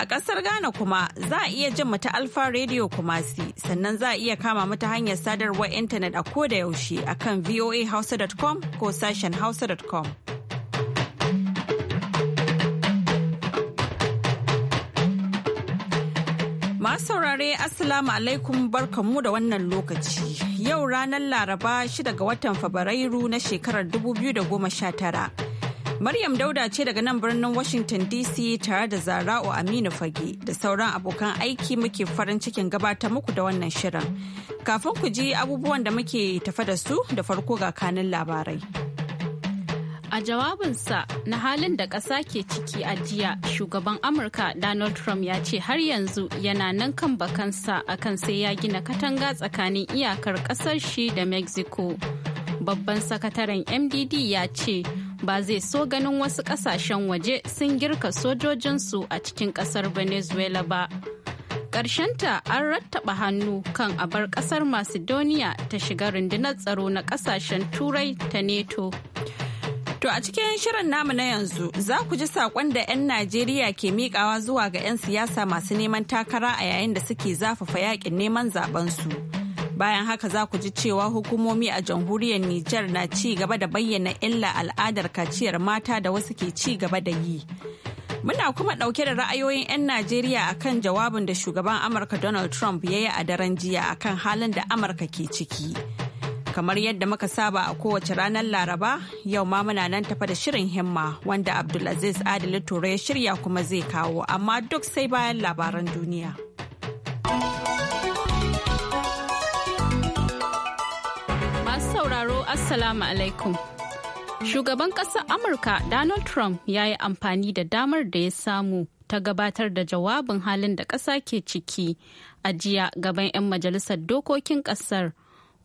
A ƙasar Ghana kuma za a iya jin mata Alfa Radio Kumasi sannan za a iya kama mata hanyar sadarwar intanet a ko da yaushe a kan voahausa.com ko sashen hausa.com. Masu saurare Assalamu alaikum barkanmu da wannan lokaci. Yau ranar Laraba 6 ga watan Fabrairu na shekarar 2019. Maryam Dauda ce daga nan birnin Washington DC tare da Zara'u Aminu Fage da sauran abokan aiki muke farin cikin gabata muku da wannan shirin. Kafin ku ji abubuwan da muke tafa da su da farko ga kanin labarai. A jawabinsa na halin da ƙasa ke ciki a jiya, shugaban Amurka Donald Trump ya ce har yanzu yana nan kan bakansa akan sai ya gina katanga tsakanin iyakar ƙasar shi da Mexico. Babban sakataren MDD ya ce ba zai so ganin wasu ƙasashen waje sun girka sojojinsu a cikin ƙasar venezuela ba ta an rattaba hannu kan abar ƙasar macedonia ta shiga rundunar tsaro na ƙasashen turai ta neto To a cikin shirin namu na yanzu za ku ji saƙon da 'yan Najeriya ke miƙawa zuwa ga 'yan siyasa masu neman takara a yayin da suke zafafa yaƙin neman su bayan haka za ku ji cewa hukumomi a jamhuriyar Nijar na ci gaba da bayyana illa al'adar kaciyar mata da wasu ke ci gaba da yi. Muna kuma ɗauke da ra'ayoyin 'yan Najeriya a kan jawabin da shugaban Amurka Donald Trump ya yi a daren jiya a kan halin da Amurka ke ciki. Kamar yadda muka saba a kowace ranar Laraba, yau ma muna nan tafa da shirin himma wanda Abdulaziz Adili ya shirya kuma zai kawo, amma duk sai bayan labaran duniya. Assalamu alaikum. Shugaban ƙasar Amurka Donald Trump ya yi amfani da damar da ya samu ta gabatar da jawabin halin da ƙasa ke ciki a jiya gaban 'yan majalisar dokokin ƙasar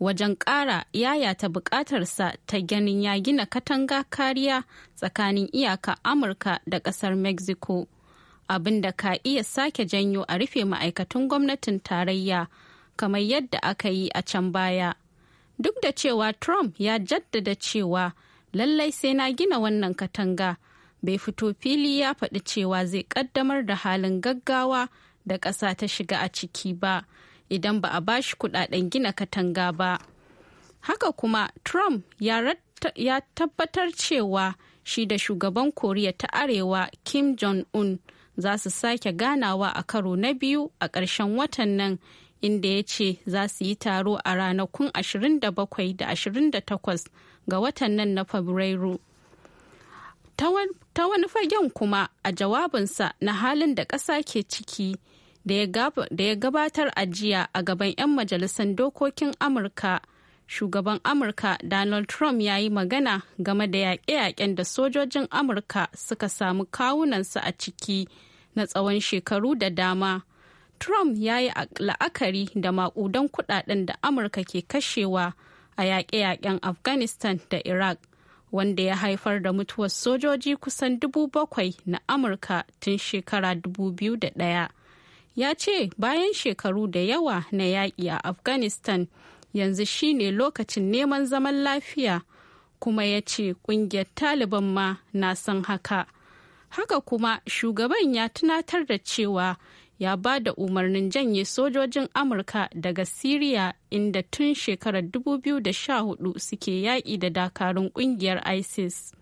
wajen ƙara yayata buƙatarsa ta ganin ya gina katanga kariya tsakanin iyaka Amurka da ƙasar Mexico. abin da ka iya sake janyo a rufe ma'aikatan gwamnatin tarayya kamar yadda aka yi a can baya. duk da cewa trump ya jaddada cewa lallai sai na gina wannan katanga bai fito fili ya faɗi cewa zai ƙaddamar da halin gaggawa da ƙasa ta shiga a ciki ba idan ba a ba shi kuɗaɗen gina katanga ba haka kuma trump ya tabbatar cewa shi da shugaban koriya ta arewa kim jong-un za su sake ganawa a karo na biyu a ƙarshen watan nan inda ya ce za su yi taro a ranakun 27 da 28 ga watan nan na Fabrairu. Ta wani fagen kuma a jawabinsa na halin da ƙasa ke ciki da ya gabatar ajiya a gaban 'yan majalisar dokokin Amurka. Shugaban Amurka Donald Trump ya yi magana game da yaƙe-yaƙen da sojojin Amurka suka samu kawunansa a ciki na tsawon shekaru da dama. Trump ya yi la'akari da maƙudan kuɗaɗen da Amurka ke kashewa a yaƙe-yaƙen Afghanistan da Iraq, wanda ya haifar da mutuwar sojoji kusan dubu bakwai na Amurka tun shekara dubu biyu da ɗaya. Ya ce bayan shekaru da yawa na yaƙi a Afghanistan yanzu shi ne lokacin neman zaman lafiya kuma ya ce ƙungiyar Taliban ma na son haka. Haka kuma shugaban ya tunatar da cewa ya ba da umarnin janye sojojin amurka daga siriya inda tun shekarar 2014 suke yaƙi da dakarun ƙungiyar isis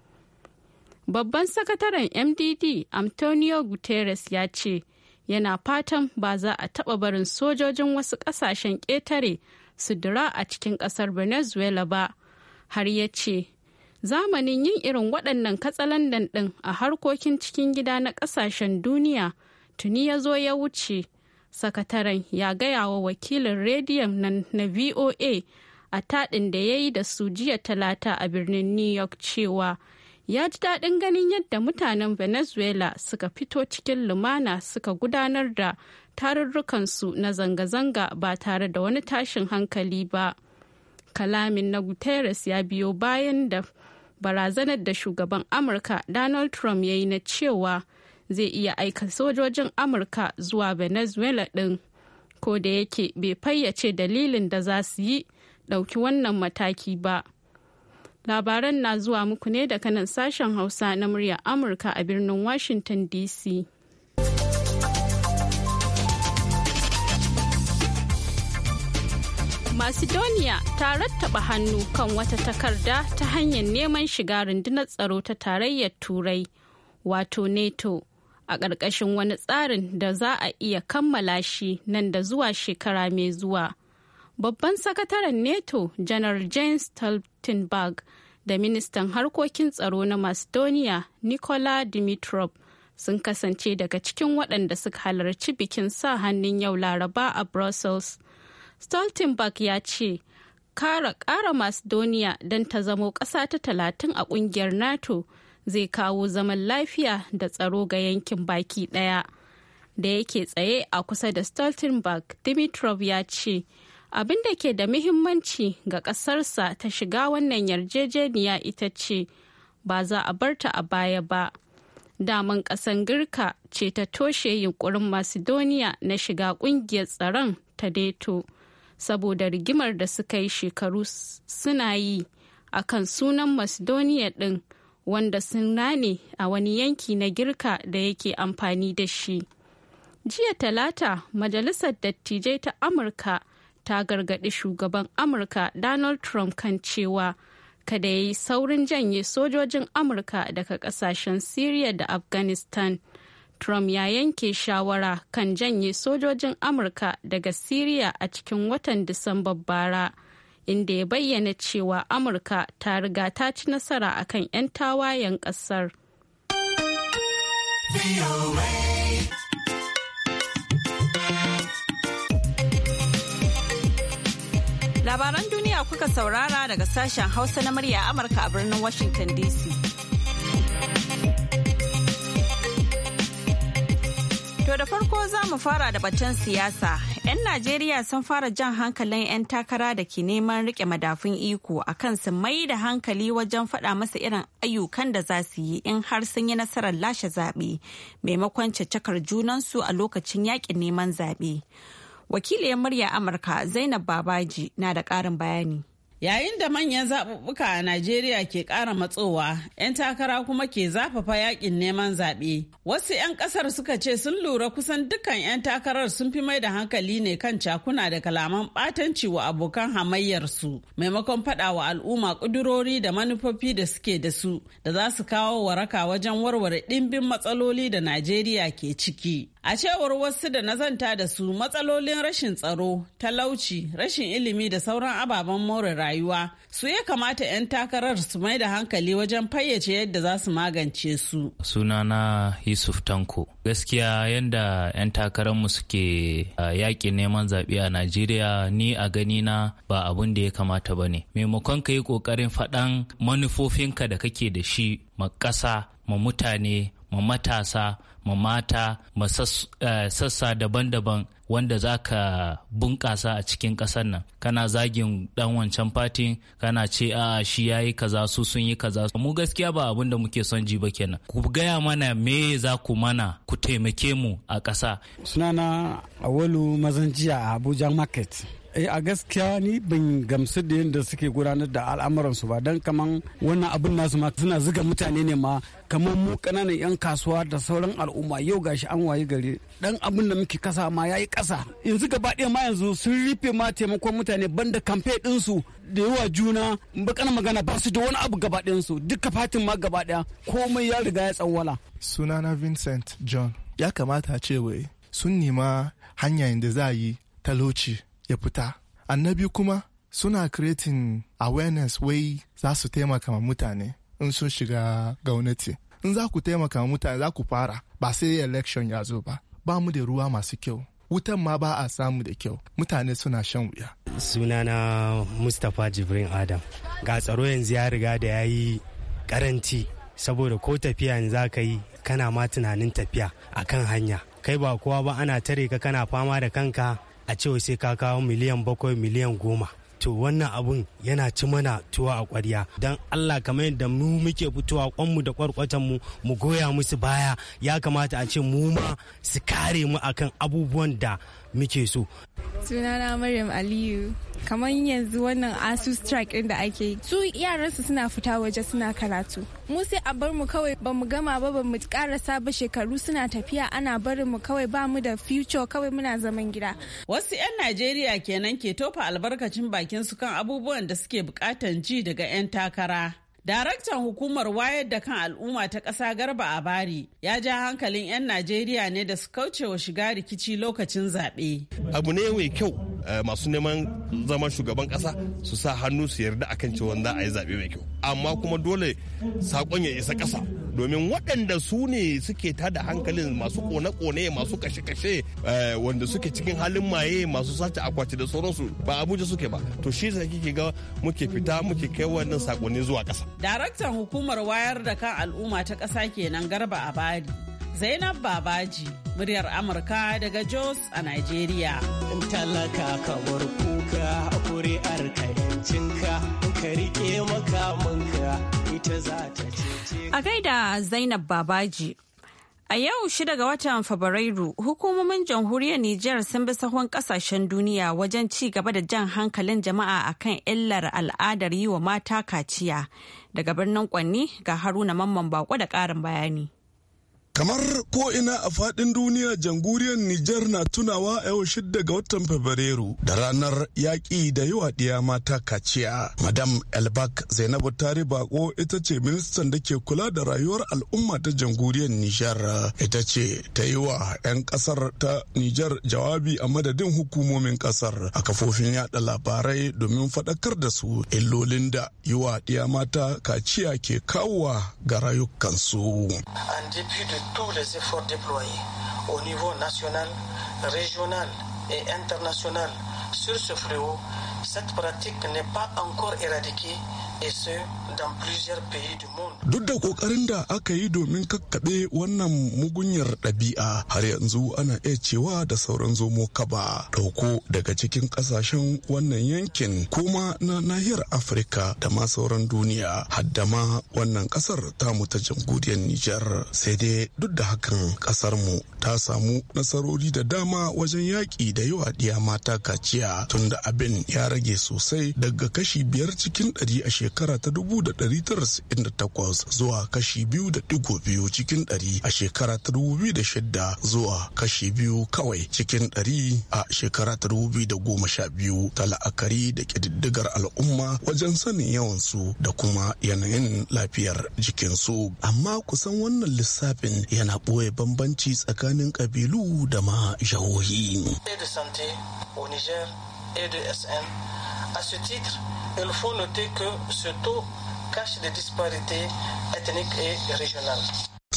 babban sakataren mdd antonio guterres ya ce yana fatan ba za a taɓa barin sojojin wasu ƙasashen ƙetare su dira a cikin ƙasar venezuela ba har ya ce zamanin yin irin waɗannan katsalandan ɗin a harkokin cikin gida na ƙasashen duniya tuni ya zo ya wuce sakataren ya gaya wa wakilin rediyon nan na voa a taɗin da ya yi da su jiya talata a birnin new york cewa ya ji daɗin ganin yadda mutanen venezuela suka fito cikin lumana suka gudanar da tarurrukansu na zanga-zanga ba tare da wani tashin hankali ba kalamin na guterres ya biyo bayan da barazanar da shugaban amurka donald trump ya yi na cewa zai iya aika sojojin amurka zuwa venezuela ɗin ko da yake bai fayyace dalilin da za su yi ɗauki wannan mataki ba labaran na zuwa muku ne daga nan sashen hausa na murya amurka a birnin washington dc Macedonia ta rattaba hannu kan wata takarda ta hanyar neman shiga rundunar tsaro ta tarayyar Turai, wato NATO, a ƙarƙashin wani tsarin da za a iya kammala shi nan da zuwa shekara mai zuwa. Babban sakataren NATO janar James Stoltenberg da ministan harkokin tsaro na Macedonia Nikola Dimitrov sun kasance daga cikin waɗanda suka halarci bikin sa hannun yau Laraba a Brussels. Stoltenberg ya ce, Kara ƙara Macedonia don ta zamo ƙasa ta talatin a ƙungiyar NATO zai kawo zaman lafiya da tsaro ga yankin baki ɗaya. Da yake tsaye a kusa da Stoltenberg, Dimitrov ya ce, abin da ke da muhimmanci ga kasarsa ta shiga wannan yarjejeniya ita ce, ba za a barta a baya ba. Daman kasan Girka ce ta toshe yunkurin Macedonia na shiga kungiyar tsaron ta Deto, saboda rigimar da suka yi shekaru suna yi a kan sunan Macedonia din. wanda sun nane a wani yanki na girka da yake amfani da shi jiya talata majalisar dattijai ta amurka ta gargaɗi shugaban amurka donald trump kan cewa kada ya yi saurin janye sojojin amurka daga ƙasashen syria da afghanistan trump ya yanke shawara kan janye sojojin amurka daga syria a cikin watan disamba bara. inda ya bayyana cewa amurka ta riga ta ci nasara akan 'yan tawayen ƙasar. Labaran duniya kuka saurara daga sashen Hausa na murya Amurka a birnin Washington DC. To da farko za mu fara da batun siyasa. 'Yan Najeriya sun fara jan hankalin 'yan takara da ke neman rike madafun iko a kan su mai da hankali wajen faɗa masa irin ayyukan da za su yi in har sun yi nasarar lashe zaɓe maimakon junan junansu a lokacin yakin neman zaɓe. Wakiliyar murya Amurka Zainab Babaji na da ƙarin bayani. Yayin da manyan zaɓuɓɓuka a Najeriya ke ƙara matsowa, 'yan takara kuma ke zafafa yakin neman zaɓe. Wasu 'yan ƙasar suka ce sun lura kusan dukkan 'yan takarar sun fi mai da hankali ne kan cakuna da kalaman ɓatanci wa abokan hamayyarsu, maimakon faɗa wa al'umma ƙudurori da manufofi da suke da su, da za su kawo waraka wajen warware ɗimbin matsaloli da Najeriya ke ciki. A cewar wasu da nazanta da su matsalolin rashin tsaro, talauci, rashin ilimi da sauran ababen more rayuwa su ya kamata 'yan takarar su mai da hankali wajen fayyace yadda za su magance su. Sunana Yusuf Tanko. Gaskiya yadda 'yan takararmu suke yaƙi neman zaɓe a Najeriya ni a gani na ba abun da ya kamata ba ne. Maimakon ka yi ƙoƙarin faɗan manufofinka da kake da shi ma ƙasa, ma mutane, ma matasa, ma mata ma eh, sassa daban-daban wanda za ka bunƙasa a cikin ƙasar nan kana zagin ɗan wancan fatin kana ce a shi ya yi kaza su sun yi kaza mu gaskiya ba abin da muke son ji ba kenan ku gaya mana me za ku mana ku taimake mu a ƙasa sunana awalu mazan jiya a abuja market Eh, a gaskiya ni ban gamsu da yadda suke gudanar da al'amuransu ba don kaman wannan abin nasu ma suna zuga mutane ne ma kamar mu kananan 'yan kasuwa da sauran al'umma yau gashi an waye gari dan abin da muke kasa ma yayi kasa yanzu gaba ɗaya ma yanzu sun rufe ma taimakon mutane banda kamfe ɗinsu da yawa juna bakana magana ba su da wani abu gaba ɗayansu duka fatin ma gaba ɗaya komai ya riga ya tsawwala sunana vincent john ya kamata a ce wai sun nema hanya da za a yi talauci ya fita annabi kuma suna creating awareness wai za su taimaka ma mutane in sun shiga gwamnati in za ku taimaka ma mutane za ku fara ba sai election ya zo ba ba mu da ruwa masu kyau wutan ma ba a samu da kyau mutane suna shan wuya sunana mustapha jibrin adam ga tsaro yanzu ya riga da ya yi karanti saboda ko tafiya za ka yi kana ma tunanin tafiya a kan hanya kai ba kowa ba ana tare ka kana fama da kanka a cewa sai ka kawo miliyan bakwai miliyan goma to wannan abun yana ci mana tuwa a kwarya don allah kamar yadda mu muke fitowa kwanmu da kwarkwatan mu mu goya musu baya ya kamata a ce mu ma su kare mu akan abubuwan da muke so. Sunana Maryam Aliyu. kamar yanzu wannan asu strike din da ake yi su yaransu suna fita waje suna karatu mu sai a bar mu kawai ba mu gama ba ba mu karasa ba shekaru suna tafiya ana barin mu kawai ba mu da future kawai muna zaman gida wasu 'yan najeriya kenan ke tofa albarkacin bakin su kan abubuwan da suke bukatan ji daga 'yan takara Daraktan hukumar wayar da kan al'umma ta ƙasa Garba a bari ya ja hankalin 'yan Najeriya ne da su kaucewa shiga rikici lokacin zaɓe. Abu ne mai kyau Eh, masu neman zaman shugaban kasa su sa hannu su yarda akan cewa za a yi zaɓe mai kyau amma kuma dole sakon ya isa kasa domin waɗanda su ne suke tada hankalin masu kone-kone masu kashe-kashe eh, wanda suke cikin halin maye masu sace akwati da sauransu ba abuja suke ba to shi sa kike ga muke fita muke kai wannan sakonni zuwa ƙasa daraktan hukumar wayar da kan al'umma ta ƙasa kenan garba a abadi Zainab Babaji, muryar Amurka daga Jos a Najeriya. In talaka ka bar kuka a kuri'ar in ka rike makamanka ita za ta cece. A gaida Zainab Babaji. A yau shida ga watan Fabrairu, hukumomin jamhuriyar Nijar sun bi sahun kasashen duniya wajen ci gaba da jan hankalin jama'a akan illar al'adar yi wa mata kaciya. Daga birnin Kwanni ga Haruna Mamman Bako da ƙarin bayani. Kamar ko'ina a faɗin duniya janguriyar Nijar na tunawa a yau shidda ga watan Fabrairu da ranar yaƙi da yawa ɗiya mata kaciya. Madam Elbak Zainabu Tari Bako ita ce ministan da ke kula da rayuwar al'umma ta janguriyar Nijar. Ita ce ta yi wa 'yan ƙasar ta Nijar jawabi a madadin hukumomin ƙasar a kafofin yaɗa labarai domin faɗakar da su illolin da yawa ɗiya mata kaciya ke kawowa ga rayukansu. tous les efforts déployés au niveau national, régional et international sur ce fléau, cette pratique n'est pas encore éradiquée, et Duk da kokarin da aka yi domin kakkaɓe wannan mugunyar ɗabi'a har yanzu ana iya cewa da sauran zomo kaba dauko daga cikin kasashen wannan yankin kuma na nahiyar Afirka da ma sauran duniya hadda ma wannan ƙasar mu ta jamhuriyar Nijar sai dai duk da hakan ƙasar mu ta samu nasarori da dama wajen yaƙi da yawa ɗiya mata kaciya tunda abin ya rage sosai daga kashi biyar cikin ɗari a shekaru shekara ta 1998 zuwa kashi biyu da digo biyu cikin ɗari a shekara ta 2006 zuwa kashi biyu kawai cikin ɗari a shekara ta 2012 ta la'akari da ƙididdigar al'umma wajen sanin yawansu da kuma yanayin lafiyar jikinsu amma kusan wannan lissafin yana ɓoye bambanci tsakanin ƙabilu da ma jahohi. Et de SN. titre, il faut noter que ce taux cache des disparités ethniques et régionales.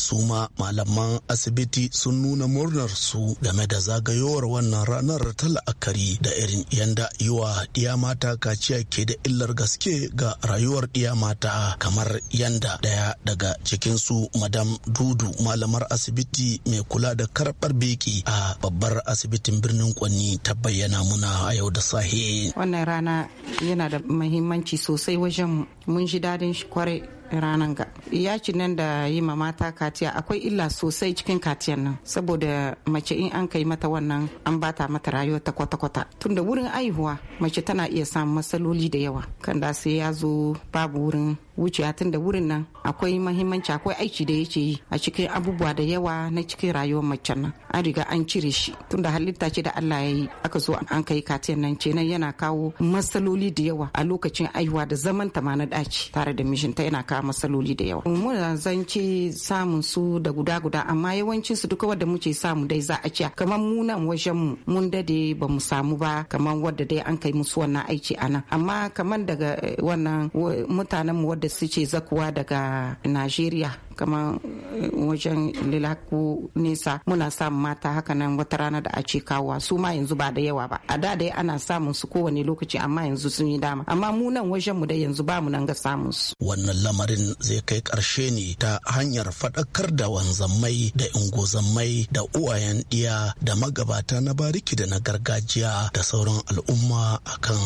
Suma malaman asibiti sun nuna murnar su game da zagayowar wannan ranar ta la'akari da irin yanda yiwa ɗiya mata kaciya ke da illar gaske ga rayuwar ɗiya mata kamar yanda daya daga cikinsu madam dudu malamar asibiti mai kula da karɓar beki a babbar asibitin birnin kwanni ta bayyana muna a yau da sahi wannan rana yana da muhimmanci sosai wajen mun ji dadin kwarai ranar ga yakin nan da yi ma mata katiya akwai illa sosai cikin katiyan nan saboda mace in an kai mata wannan an bata mata rayuwa ta kwata-kwata tunda wurin aihuwa mace tana iya samun matsaloli da yawa kan da sai ya zo babu wurin wuciya tun da wurin nan akwai mahimmanci akwai aiki da yake yi a cikin abubuwa da yawa na cikin rayuwar mace nan an riga an cire shi tunda halitta ce da Allah ya yi aka zo an kai katiyan nan ce nan yana kawo matsaloli da yawa a lokacin aihuwa da zaman ta na daci tare da mijinta yana kawo ka matsaloli da yawa muna zance samun su da guda guda amma yawanci su duka wadda muke samu dai za a ciya kamar mu nan wajen mu mun dade ba mu samu ba kamar wadda dai an kai musu wannan aiki a nan amma kamar daga eh, wannan mutanen mu wadda suke zakuwa daga Najeriya kamar eh, wajen lilaku nesa muna samun mata hakanan nan wata rana da a ce kawowa su ma yanzu ba da yawa ba a da dai ana samun su kowane lokaci amma yanzu sun yi dama amma mu nan wajen mu da yanzu ba mu nan ga samun su wannan lamarin zai kai karshe ne ta hanyar faɗakar da wanzammai da mai da uwayen ɗiya da magabata na bariki da na gargajiya da sauran al'umma akan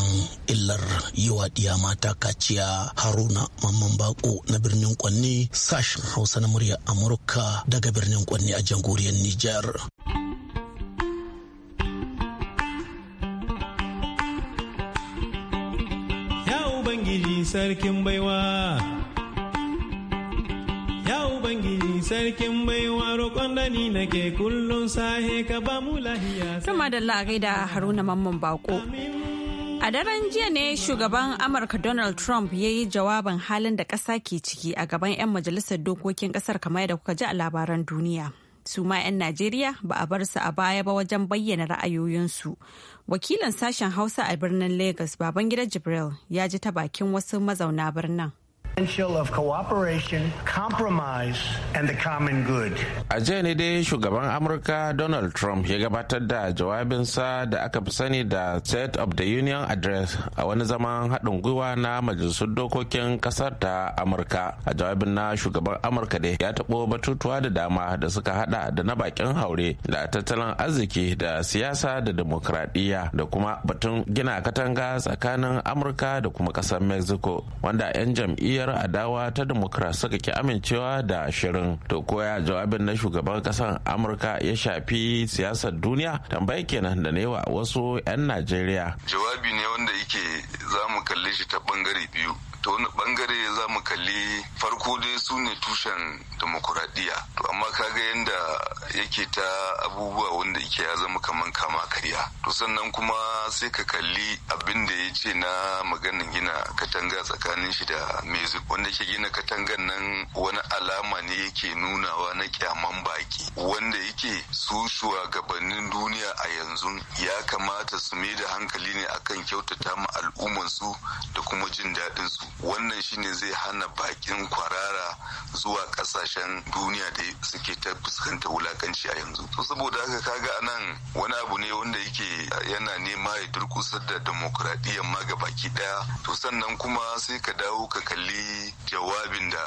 illar yiwa ɗiya mata kaciya haruna mamman bako na birnin kwanni sashen Hausa na muryar Amurka daga birnin Kwanni a jamhuriyar Nijar. Ya Ubangiji sarkin baiwa. Ya Ubangiji sarkin baiwa roƙon da ni nake kullum sahe ka ba mu lahiya. Tuma da la'agai gaida Haruna Mamman Bako. A daren jiya ne shugaban Amurka Donald Trump ya yi jawabin halin da ƙasa ke ciki a gaban 'yan majalisar dokokin ƙasar kamar da kuka ji a labaran duniya. Su ma 'yan Najeriya ba a bar su a baya ba wajen bayyana ra'ayoyinsu. Wakilin sashen Hausa a birnin Lagos, Babangida Jibril, ya ji ta bakin wasu mazauna birnin. of cooperation, compromise, and the A jiya ne dai shugaban Amurka Donald Trump ya gabatar da jawabinsa da aka fi sani da State of the Union Address a wani zaman haɗin gwiwa na majalisun dokokin ƙasar ta Amurka. A jawabin na shugaban Amurka dai ya taɓo batutuwa da dama da suka haɗa da na bakin haure da tattalin arziki da siyasa da demokradiyya da kuma batun gina katanga tsakanin Amurka da kuma ƙasar Mexico wanda 'yan jam'iyyar kungiyar adawa ta democrat suka ki amincewa da shirin to koya jawabin na shugaban kasar amurka ya shafi siyasar duniya tambayi kenan da newa wasu 'yan najeriya jawabi ne wanda yake za mu kalle shi ta bangare biyu To wani bangare za mu kalli farko dai su ne tushen demokuraɗiyya to amma kaga yadda yake ta abubuwa wanda yake ya zama kaman kama karya to sannan kuma sai ka kalli abin da ya ce na maganin gina katanga tsakanin shi da mezu wanda yake gina katangan nan wani alama ne yake nunawa na kyaman baki wanda yake su shugabannin duniya a yanzu ya kamata su mai da hankali ne akan kyautata ma al'ummansu da kuma jin daɗinsu? wannan shine zai hana bakin kwarara zuwa kasashen duniya da suke ta fuskanta wulakanci a yanzu to saboda haka kaga anan wani abu ne wanda yake yana nema ya durkusar da demokradiyyar ma ga baki daya to sannan kuma sai ka dawo ka kalli jawabin da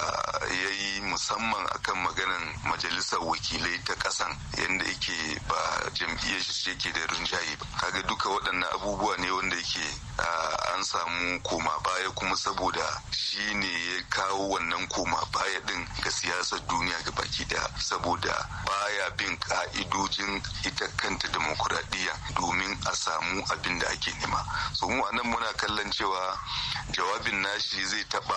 ya yi musamman akan maganan majalisar wakilai ta kasan yadda yake ba jam'iyyar shi yake da rinjaye ba kaga duka waɗannan abubuwa ne wanda yake ah, an samu koma baya kuma saboda saboda shi ne ya kawo wannan koma baya din ga siyasar duniya ga baki ɗaya. saboda baya bin ka'idojin ita kanta demokuraɗiyya domin a samu abin da ake nema so mu anan muna kallon cewa jawabin nashi zai taba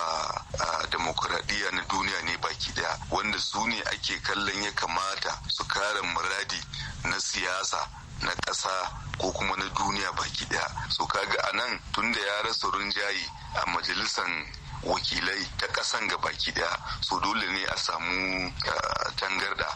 demokuraɗiyya na duniya ne baki ɗaya wanda su ne ake kallon ya kamata su kare muradi na siyasa na ƙasa ko kuma na duniya baki ɗaya so kaga a nan tunda ya rasa rinjaye a majalisan wakilai ta ƙasan ga baki ɗaya so dole ne a samu eh, tangarda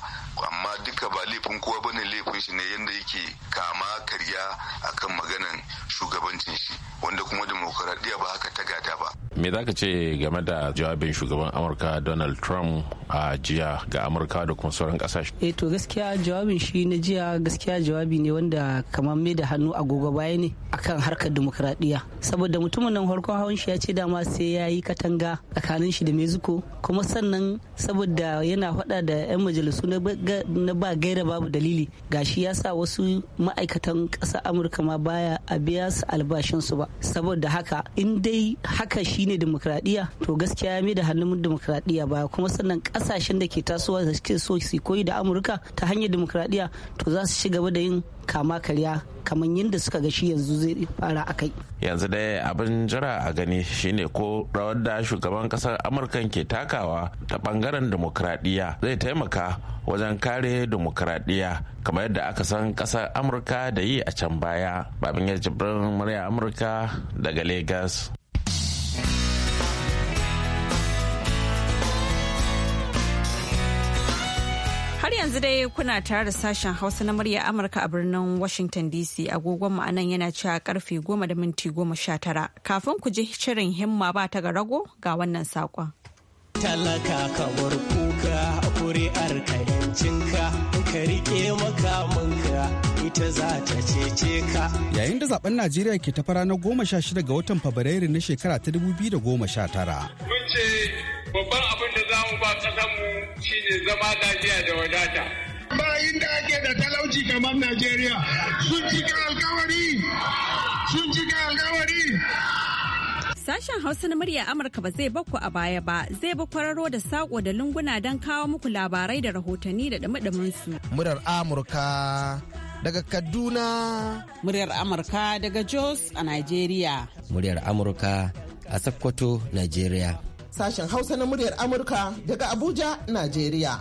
amma duka ba laifin kowa ba ne laifin shi ne yadda yake kama karya akan maganan shugabancin shi wanda kuma demokaradiyya ba haka ta gada ba me za ka ce game da jawabin shugaban amurka donald trump a jiya ga amurka da kuma sauran kasashe eh to gaskiya jawabin shi na jiya gaskiya jawabi ne wanda kamar mai da hannu agogo baya ne akan harkar demokradiya saboda mutumin nan farkon hawan shi ya ce dama sai ya yi katanga tsakanin shi da mexico kuma sannan saboda yana faɗa da 'yan majalisu na ba gaira babu dalili gashi ya sa wasu ma'aikatan kasa amurka ma baya a biya su albashinsu ba saboda haka in dai haka shi shine demokradiya to gaskiya ya mai da hannun demokradiya ba kuma sannan kasashen da ke tasowa da suke so su koyi da amurka ta hanyar demokradiya to za su ci gaba da yin kama karya kamar yadda suka ga shi yanzu zai fara a kai yanzu dai abin jira a gani shine ko rawar da shugaban kasar amurka ke takawa ta bangaren demokradiya zai taimaka wajen kare demokradiya kamar yadda aka san kasar amurka da yi a can baya babin ya jibrin murya amurka daga lagos Har yanzu dai kuna tare da sashen Hausa na murya Amurka a birnin Washington DC agogon mu anan yana cewa karfe goma da minti goma sha tara. Kafin ku ji shirin himma ba ta ga rago ga wannan saƙon. Talaka bar kuka kuri'ar ka ka rike ita za ta cece ka. Yayin da zaben Najeriya ke ta fara na goma sha shida ga watan Fabrairu na shekara ta dubu biyu da goma sha tara. Mun ce babban abin ba kasanmu shine zama lafiya da wadata. Bayin da ake da talauci kamar Najeriya sun cika alkawari sun cika alkawari. Sashen Hausa na murya Amurka ba zai bakku a baya ba zai ba kwararo da sako da lunguna don kawo muku labarai da rahotanni da dumi su. Murar Amurka daga Kaduna. Muryar Amurka daga Jos a Najeriya. Muryar Amurka a Sokoto, Najeriya. sashen Hausa na muryar Amurka daga Abuja, Najeriya.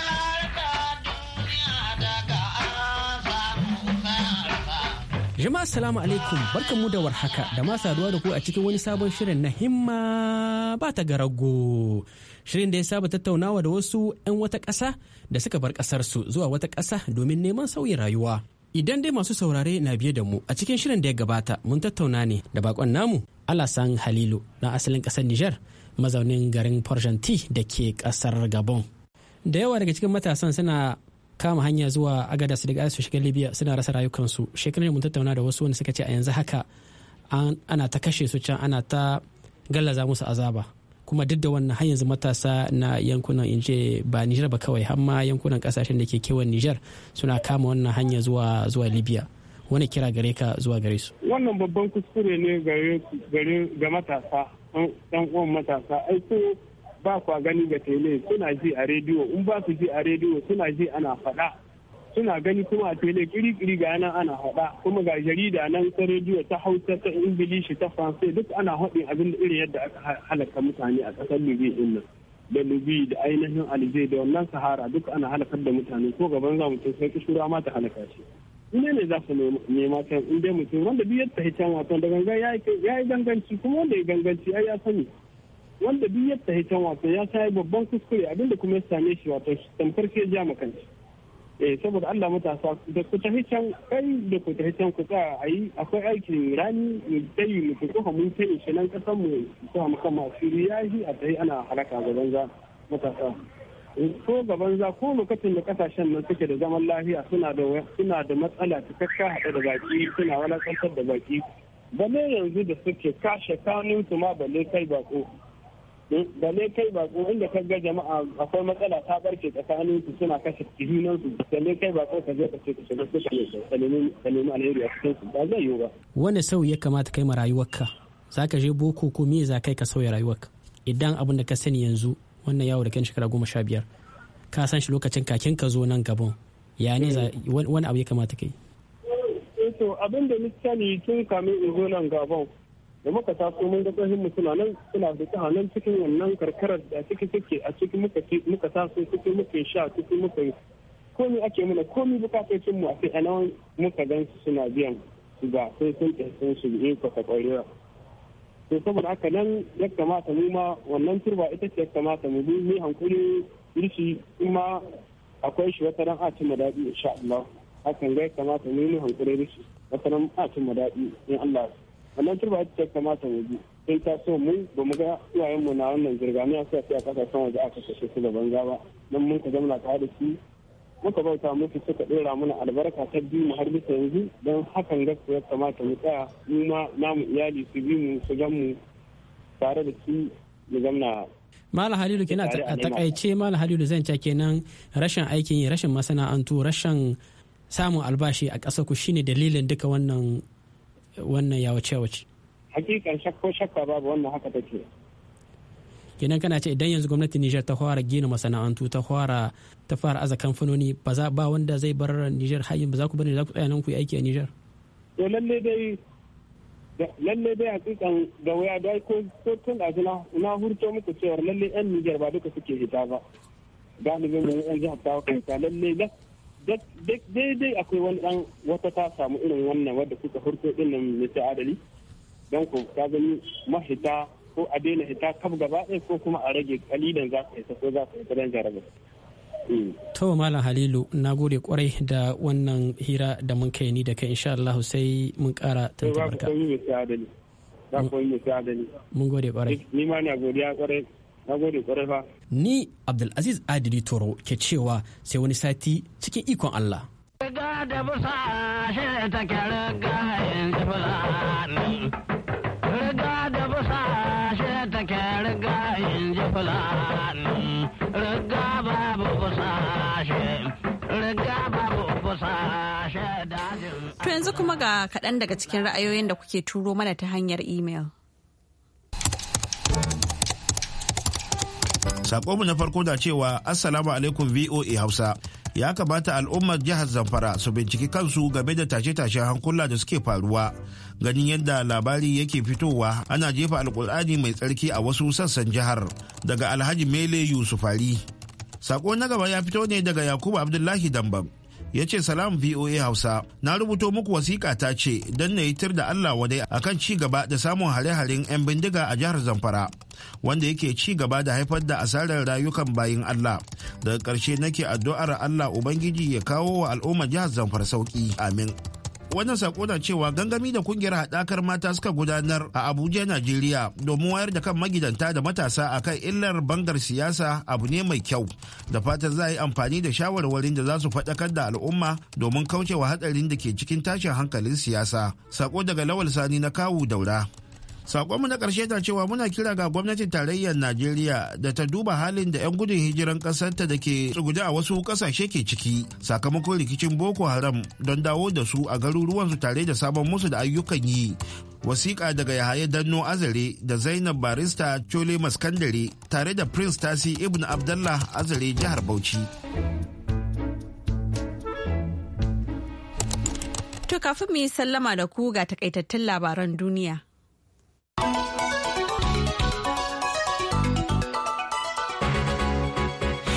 Jama'a salamu alaikum barkanmu da warhaka da ma saduwa da ku a cikin wani sabon shirin na himma ba ta garago. Shirin da ya saba tattaunawa da wasu 'yan wata ƙasa da suka bar ƙasarsu zuwa wata ƙasa domin neman sauyin rayuwa. Idan dai masu saurare na biye da mu a cikin shirin da ya gabata mun tattauna ne da bakon namu Alasan Halilu na asalin ƙasar Nijar mazaunin garin Porjanti da ke ƙasar Gabon. Da yawa daga cikin matasan suna kama hanya zuwa agadas daga su shiga libya suna rasa rayukansu shekarar mun tattauna da wasu wanda suka ce a yanzu haka ana ta kashe su can ana ta gallaza musu azaba kuma duk da wannan har yanzu matasa na yankunan in ba nijar ba kawai har ma yankunan kasashen da ke kewan nijar suna kama wannan hanya zuwa zuwa libya wani kira gare ka zuwa gare su wannan babban kuskure ne gare ga matasa ɗan uwan matasa ai ba kwa gani ga tele suna ji a rediyo in ba su ji a rediyo suna ji ana faɗa suna gani kuma a tele kiri-kiri ga nan ana faɗa kuma ga jarida nan ta rediyo ta hausa ta ingilishi ta faransa duk ana haɗin abin da irin yadda aka halaka mutane a ƙasar libya din nan da libya da ainihin alje da wannan sahara duk ana halakar da mutane ko gaban za mutum sai kishura ma ta halaka shi ne ne za su nema can in dai mutum wanda duk yadda tafi can wato da ganga ya yi ganganci kuma wanda ya ganganci ai ya sani wanda duk ya tsaye can wato ya sa babban kuskure abinda kuma ya same shi wato tamkar ke ja makanci eh saboda Allah matasa da ku tafi can kai da ku tafi can ku tsaya a yi akwai aikin rani mu dai mu ku kuma mun sai shi nan kasan mu ta mu a tafi ana halaka gaban za matasa eh, ko gaban za ko lokacin da kasashen nan suke da zaman lafiya suna da suna da matsala ta kakka da baki suna walakantar da baki bane yanzu da suke kashe su ma balle kai bako ne kai bako inda ka ga jama'a akwai matsala ta barke tsakanin su suna kashe kihinan su ne kai bako ka je ka ce ka shiga kusa ka nemi alheri a cikin su ba zai yiwu ba wani sau ya kamata kai ma rayuwarka za ka je boko ko me za kai ka sauya rayuwarka idan abin da ka sani yanzu wannan yawo da kan shekara goma sha biyar ka san shi lokacin kakin ka zo nan gabon ya ne wani abu ya kamata kai eh, to abin da ni sani tun kamin in zo nan gabon. da muka taso mun ga tsohon suna nan suna da ta hannun cikin wannan karkarar da suke suke a cikin muka muka taso cikin muka sha cikin muka yi komi ake mana komi bukatocin mu a kai alawan muka gan su suna biyan su ga sai sun sun su yi kwata kwarewa to saboda haka nan ya kamata mu ma wannan turba ita ce ya kamata mu bi mu hankuli rishi in ma akwai shi wata ran a ci daɗi insha Allah hakan ga ya kamata mu yi hankuli rishi wata ran a ci daɗi in Allah wannan turba ta kamata mu bi sai ta so mu ba mu ga iyayen mu na wannan zirganiya sai a kasashen waje aka kashe su da banza ba nan mun ka zamana tare da su muka bauta musu suka ɗora mana albarka ta biyu mu har bisa yanzu don hakan gaskiya ya kamata mu tsaya mu ma namu iyali su bi mu su gan mu tare da su mu zamna Mala Halilu kenan a takaice Mala Halilu zan ce kenan rashin aikin yi rashin masana'antu rashin samun albashi a ƙasa ku shine dalilin duka wannan wannan ya wuce wuce hakikan shakko shakka babu wannan haka take kenan kana ce idan yanzu gwamnatin Nijar ta fara gina masana'antu ta fara ta fara aza kamfanoni ba za ba wanda zai bar Nijar hayin ba za ku bari za ku tsaya nan ku yi aiki a Nijar to lalle dai lalle dai hakikan da waya dai ko ko tun da na na hurto muku cewa lalle yan Nijar ba duka suke hita ba galibin mu yan jihar ta lalle daidai akwai wani dan wata ta samu irin wannan wadda suka hurto dinnan nan mai ta adali don ku ka gani mahita ko a daina hita kaf gaba ɗaya ko kuma a rage kalilan za ka isa ko za ka isa don jarabar. Hmm. To Malam Halilu na gode kwarai da wannan hira da mun kai ni da kai insha Allah sai mun kara tantabarka. Ba ku komi mai ta adali. Ba ku komi mai ta adali. Mun gode kwarai. Ni ma na godiya kwarai. Ni Abdulaziz Adili Toro ke cewa sai wani sati cikin ikon Allah. Riga To yanzu kuma ga kaɗan daga cikin ra'ayoyin da kuke turo mana ta hanyar imel. mu na farko da cewa Assalamu alaikum VOA Hausa. Ya kamata al'ummar jihar Zamfara su binciki kansu game da tashe-tashen hankula da suke faruwa. Ganin yadda labari yake fitowa ana jefa alkur'ani mai tsarki a wasu sassan jihar daga Alhaji Mele Yusufari. Sako na gaba ya fito ne daga Yakubu Abdullahi Dambam. ya ce salam voa hausa na rubuto muku wasiƙa ta ce don na yi tir da allah wadai akan ci gaba da samun hare-haren 'yan bindiga a jihar zamfara wanda yake ci gaba da haifar da asarar rayukan bayin allah daga ƙarshe nake addu'ar allah ubangiji ya kawo wa al'ummar jihar zamfara sauki amin wannan sako na cewa gangami da kungiyar haɗakar mata suka gudanar a abuja najeriya domin wayar da kan magidanta da matasa akan illar bangar siyasa abu ne mai kyau da fatan za a yi amfani da shawarwarin da za su faɗakar da al'umma domin kaucewa hatsarin da ke cikin tashin hankalin siyasa sako daga lawal sani na kawu daura Sakonmu na ƙarshe na cewa muna kira ga gwamnatin tarayyar Najeriya da ta duba halin da 'yan gudun hijiran ƙasarta da ke tsugude a wasu ƙasashe ke ciki sakamakon rikicin Boko Haram don dawo da su a garuruwansu tare da sabon musu da ayyukan yi. Wasiƙa daga Yahaya Danno Azare da Zainab Barista Chole Maskandare tare da Prince Tasi Ibn Abdallah Azare jihar Bauchi. To kafin mu yi sallama da ku ga takaitattun labaran duniya.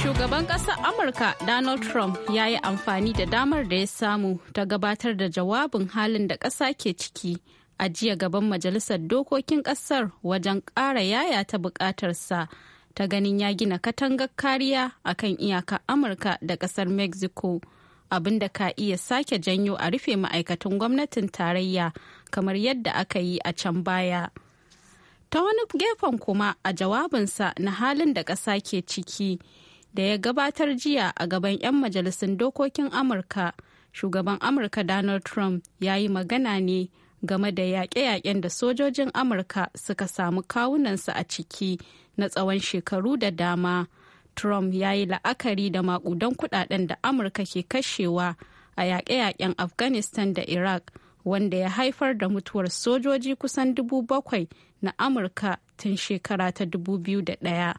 Shugaban ƙasar Amurka Donald Trump ya yi amfani da damar da ya samu ta gabatar da jawabin halin da ƙasa ke ciki a jiya gaban Majalisar Dokokin ƙasar wajen ƙara yaya ta buƙatarsa ta ganin ya gina katangar kariya a kan iyakar Amurka da ƙasar Mexico abin da ka iya sake janyo a rufe ma'aikatan gwamnatin tarayya kamar yadda aka yi a can baya. ta wani gefen kuma a jawabinsa na halin da ƙasa ke ciki da ya gabatar jiya a gaban 'yan majalisun dokokin amurka shugaban amurka donald trump ya yi magana ne game da yaƙe-yaƙen da sojojin amurka suka samu kawunansa a ciki na tsawon shekaru da dama trump ya yi la'akari da maƙudan kudaden da amurka ke kashewa a yaƙe-yaƙen afghanistan da iraq wanda ya haifar da mutuwar sojoji kusan dubu bakwai na amurka tun shekara ta dubu biyu da ɗaya.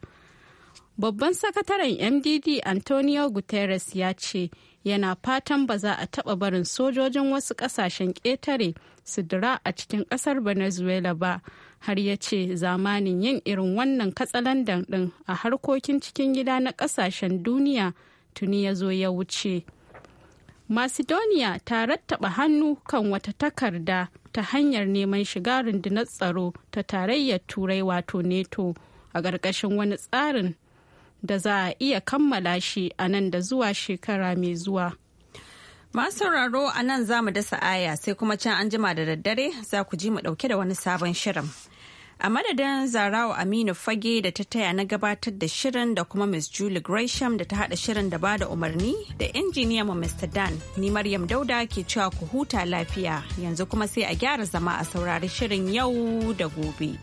babban sakataren mdd antonio guterres ya ce yana fatan ba za a taɓa barin sojojin wasu ƙasashen ƙetare su dira a cikin ƙasar venezuela ba har ya ce zamanin yin irin wannan katsalandan ɗin a harkokin cikin gida na ƙasashen duniya tuni ya zo ya wuce. macedonia ta rattaba hannu kan wata takarda ta hanyar neman shiga rundunar tsaro ta tarayyar turai wato neto a ƙarƙashin wani tsarin da za a iya kammala shi a nan da zuwa shekara mai zuwa masu sauraro a nan za mu dasa aya sai kuma can an jima da daddare za ku ji mu ɗauke da wani sabon shirin. A madadin Zarawa Aminu Fage da ta taya na gabatar da shirin da kuma Miss Julie Gresham da ta haɗa shirin da bada umarni da injiniya mu Mr. Dan ni Maryam Dauda ke cewa ku huta lafiya yanzu kuma sai a gyara zama a saurari shirin yau da gobe.